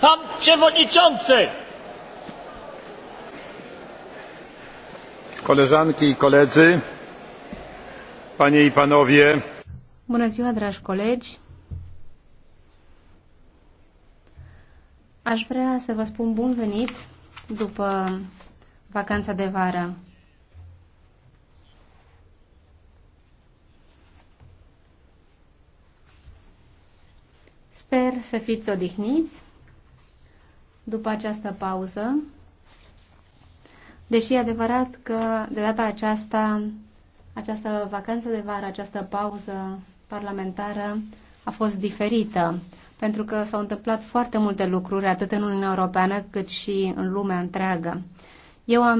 Pan Przewodniczący! Koleżanki i koledzy, Panie i Panowie. Bună ziua, dragi colegi! Aș vrea să vă spun bun venit după vacanța de vară. Sper să fiți odihniți după această pauză, deși e adevărat că de data aceasta, această vacanță de vară, această pauză parlamentară a fost diferită, pentru că s-au întâmplat foarte multe lucruri, atât în Uniunea Europeană cât și în lumea întreagă. Eu am